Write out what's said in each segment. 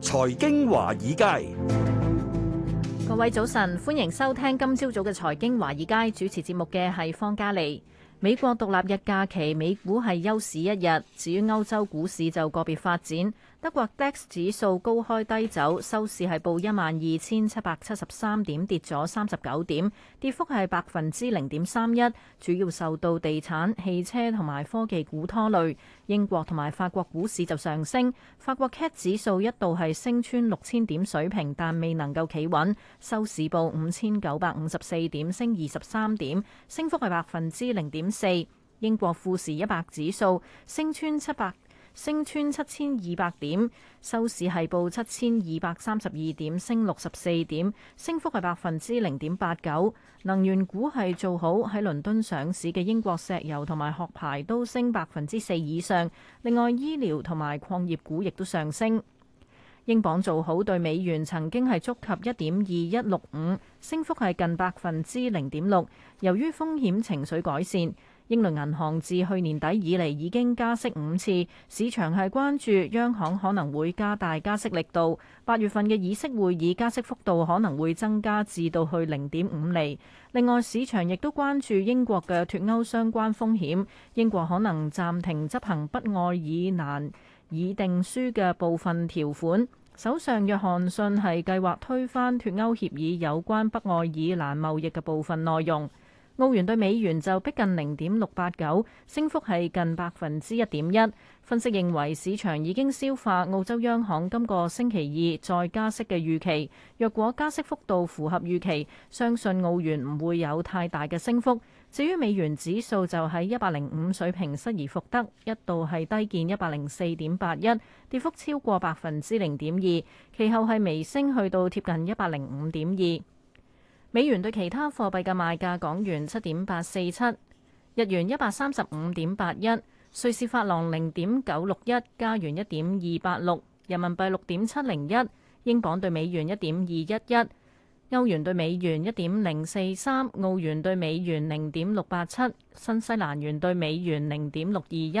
財經華爾街，各位早晨，歡迎收聽今朝早嘅財經華爾街，主持節目嘅係方嘉莉。美國獨立日假期，美股係休市一日，至於歐洲股市就個別發展。德國 DAX 指數高開低走，收市係報一萬二千七百七十三點，跌咗三十九點，跌幅係百分之零點三一，主要受到地產、汽車同埋科技股拖累。英國同埋法國股市就上升，法國 CAC 指數一度係升穿六千點水平，但未能夠企穩，收市報五千九百五十四點，升二十三點，升幅係百分之零點四。英國富時一百指數升穿七百。升穿七千二百點，收市係報七千二百三十二點升六十四點，升幅係百分之零點八九。能源股係做好，喺倫敦上市嘅英國石油同埋殼牌都升百分之四以上。另外，醫療同埋礦業股亦都上升。英鎊做好對美元，曾經係觸及一點二一六五，升幅係近百分之零點六。由於風險情緒改善。英倫銀行自去年底以嚟已經加息五次，市場係關注央行可能會加大加息力度。八月份嘅議息會議加息幅度可能會增加至到去零點五厘。另外，市場亦都關注英國嘅脱歐相關風險，英國可能暫停執行北愛爾蘭議定書嘅部分條款。首相約翰遜係計劃推翻脱歐協議有關北愛爾蘭貿易嘅部分內容。澳元對美元就逼近零點六八九，升幅係近百分之一點一。分析認為市場已經消化澳洲央行今個星期二再加息嘅預期。若果加息幅度符合預期，相信澳元唔會有太大嘅升幅。至於美元指數就喺一百零五水平失而復得，一度係低見一百零四點八一，跌幅超過百分之零點二。其後係微升去到貼近一百零五點二。美元對其他貨幣嘅賣價：港元七點八四七，日元一百三十五點八一，瑞士法郎零點九六一，加元一點二八六，人民幣六點七零一，英鎊對美元一點二一一，歐元對美元一點零四三，澳元對美元零點六八七，新西蘭元對美元零點六二一。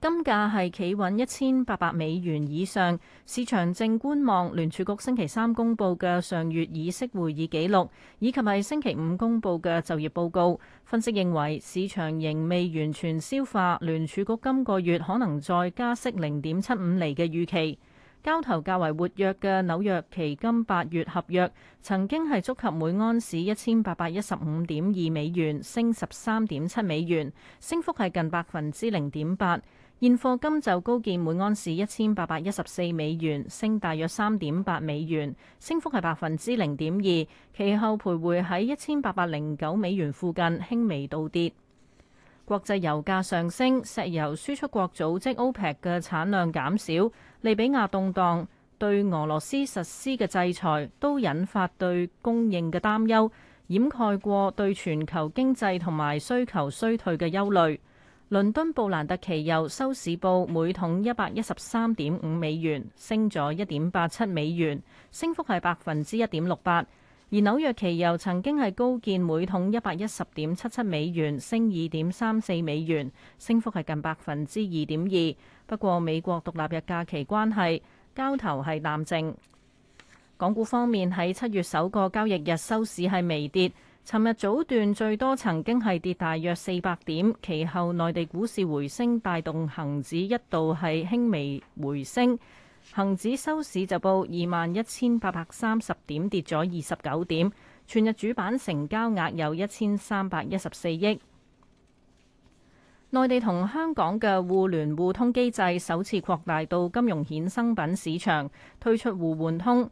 金價係企穩一千八百美元以上，市場正觀望聯儲局星期三公布嘅上月議息會議記錄，以及係星期五公布嘅就業報告。分析認為，市場仍未完全消化聯儲局今個月可能再加息零點七五厘嘅預期。交投較為活躍嘅紐約期金八月合約曾經係觸及每安士一千八百一十五點二美元，升十三點七美元，升幅係近百分之零點八。現貨金就高見每安士一千八百一十四美元，升大約三點八美元，升幅係百分之零點二。其後徘徊喺一千八百零九美元附近，輕微倒跌。國際油價上升，石油輸出國組織 OPEC 嘅產量減少，利比亞動盪，對俄羅斯實施嘅制裁，都引發對供應嘅擔憂，掩蓋過對全球經濟同埋需求衰退嘅憂慮。倫敦布蘭特期油收市報每桶一百一十三點五美元，升咗一點八七美元，升幅係百分之一點六八。而紐約期油曾經係高見每桶一百一十點七七美元，升二點三四美元，升幅係近百分之二點二。不過美國獨立日假期關係，交投係淡靜。港股方面喺七月首個交易日收市係微跌。尋日早段最多曾經係跌大約四百點，其後內地股市回升帶動恒指一度係輕微回升，恒指收市就報二萬一千八百三十點，跌咗二十九點。全日主板成交額有一千三百一十四億。內地同香港嘅互聯互通機制首次擴大到金融衍生品市場，推出互換通。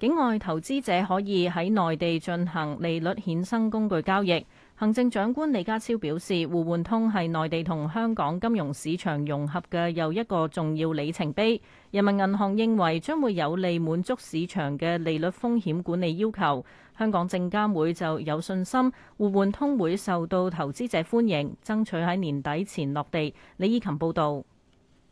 境外投資者可以喺內地進行利率衍生工具交易。行政長官李家超表示，互換通係內地同香港金融市場融合嘅又一個重要里程碑。人民銀行認為將會有利滿足市場嘅利率風險管理要求。香港證監會就有信心，互換通會受到投資者歡迎，爭取喺年底前落地。李以琴報導。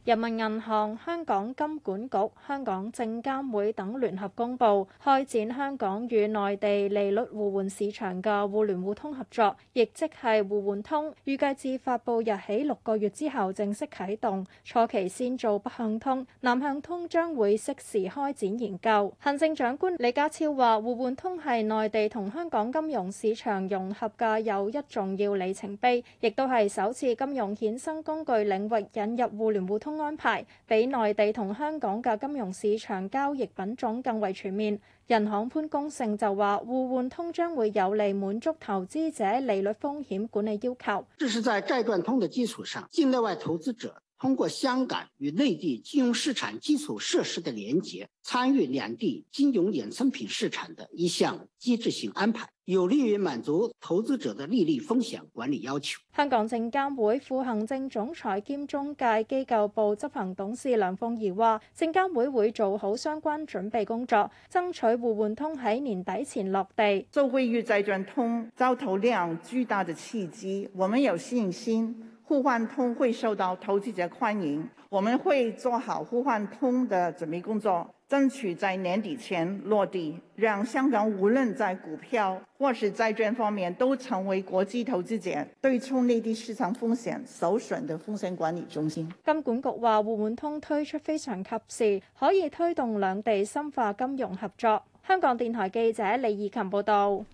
人民銀行、香港金管局、香港證監會等聯合公布，開展香港與內地利率互換市場嘅互聯互通合作，亦即係互換通，預計自發布日起六個月之後正式啟動，初期先做北向通，南向通將會適時開展研究。行政長官李家超話，互換通係內地同香港金融市場融合嘅又一重要里程碑，亦都係首次金融衍生工具領域引入互聯互通。安排比內地同香港嘅金融市場交易品種更為全面。人行潘功勝就話互換通將會有利滿足投資者利率風險管理要求。這是在債券通嘅基礎上，境內外投資者。通過香港與內地金融市場基礎設施的連接，參與兩地金融衍生品市場的一項機制性安排，有利於滿足投資者的利率風險管理要求。香港證監會副行政總裁兼中介機構部執行董事梁鳳儀話，證監會會做好相關準備工作，爭取互換通喺年底前落地。做匯兌債券通，招投量巨大的契機，我們有信心。互換通會受到投資者歡迎，我們會做好互換通的準備工作，爭取在年底前落地，讓香港無論在股票或是債券方面都成為國際投資者對沖內地市場風險首選的風險管理中心。金管局話，互換通推出非常及時，可以推動兩地深化金融合作。香港電台記者李怡琴報道。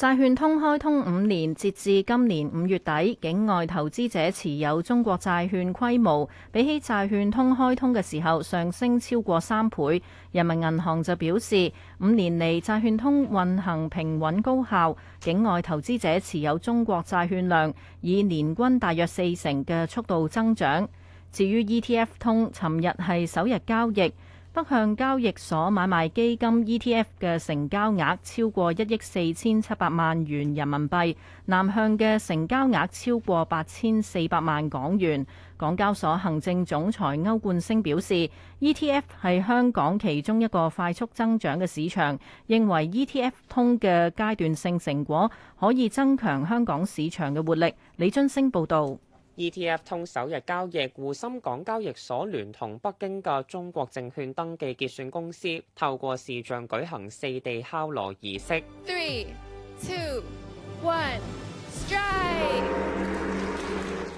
債券通開通五年，截至今年五月底，境外投資者持有中國債券規模，比起債券通開通嘅時候上升超過三倍。人民銀行就表示，五年嚟債券通運行平穩高效，境外投資者持有中國債券量以年均大約四成嘅速度增長。至於 ETF 通，尋日係首日交易。北向交易所買賣基金 ETF 嘅成交額超過一億四千七百萬元人民幣，南向嘅成交額超過八千四百萬港元。港交所行政總裁歐冠升表示，ETF 係香港其中一個快速增長嘅市場，認為 ETF 通嘅階段性成果可以增強香港市場嘅活力。李津升報道。ETF 通首日交易，滬深港交易所聯同北京嘅中國證券登記結算公司，透過視像舉行四地敲鑼儀式。Three, two, one, strike!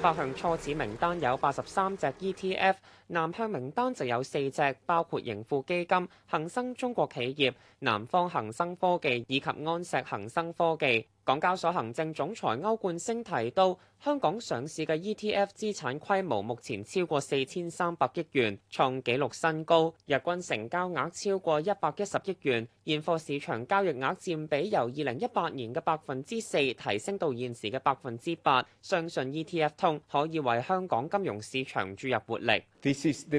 北向初始名單有八十三隻 ETF，南向名單就有四隻，包括盈富基金、恒生中國企業、南方恒生科技以及安石恒生科技。港交所行政總裁歐冠昇提到，香港上市嘅 ETF 資產規模目前超過四千三百億元，創紀錄新高，日均成交額超過一百一十億元，現貨市場交易額占比由二零一八年嘅百分之四提升到現時嘅百分之八，相信 ETF 通可以為香港金融市場注入活力。This is the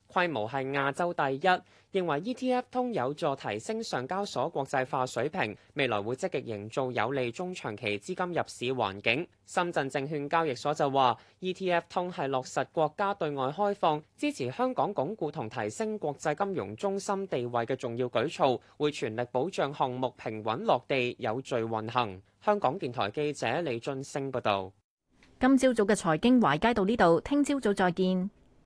規模係亞洲第一，認為 ETF 通有助提升上交所國際化水平，未來會積極營造有利中長期資金入市環境。深圳證券交易所就話，ETF 通係落實國家對外開放、支持香港鞏固同提升國際金融中心地位嘅重要舉措，會全力保障項目平穩落地、有序運行。香港電台記者李俊升報道。今朝早嘅財經華爾街到呢度，聽朝早再見。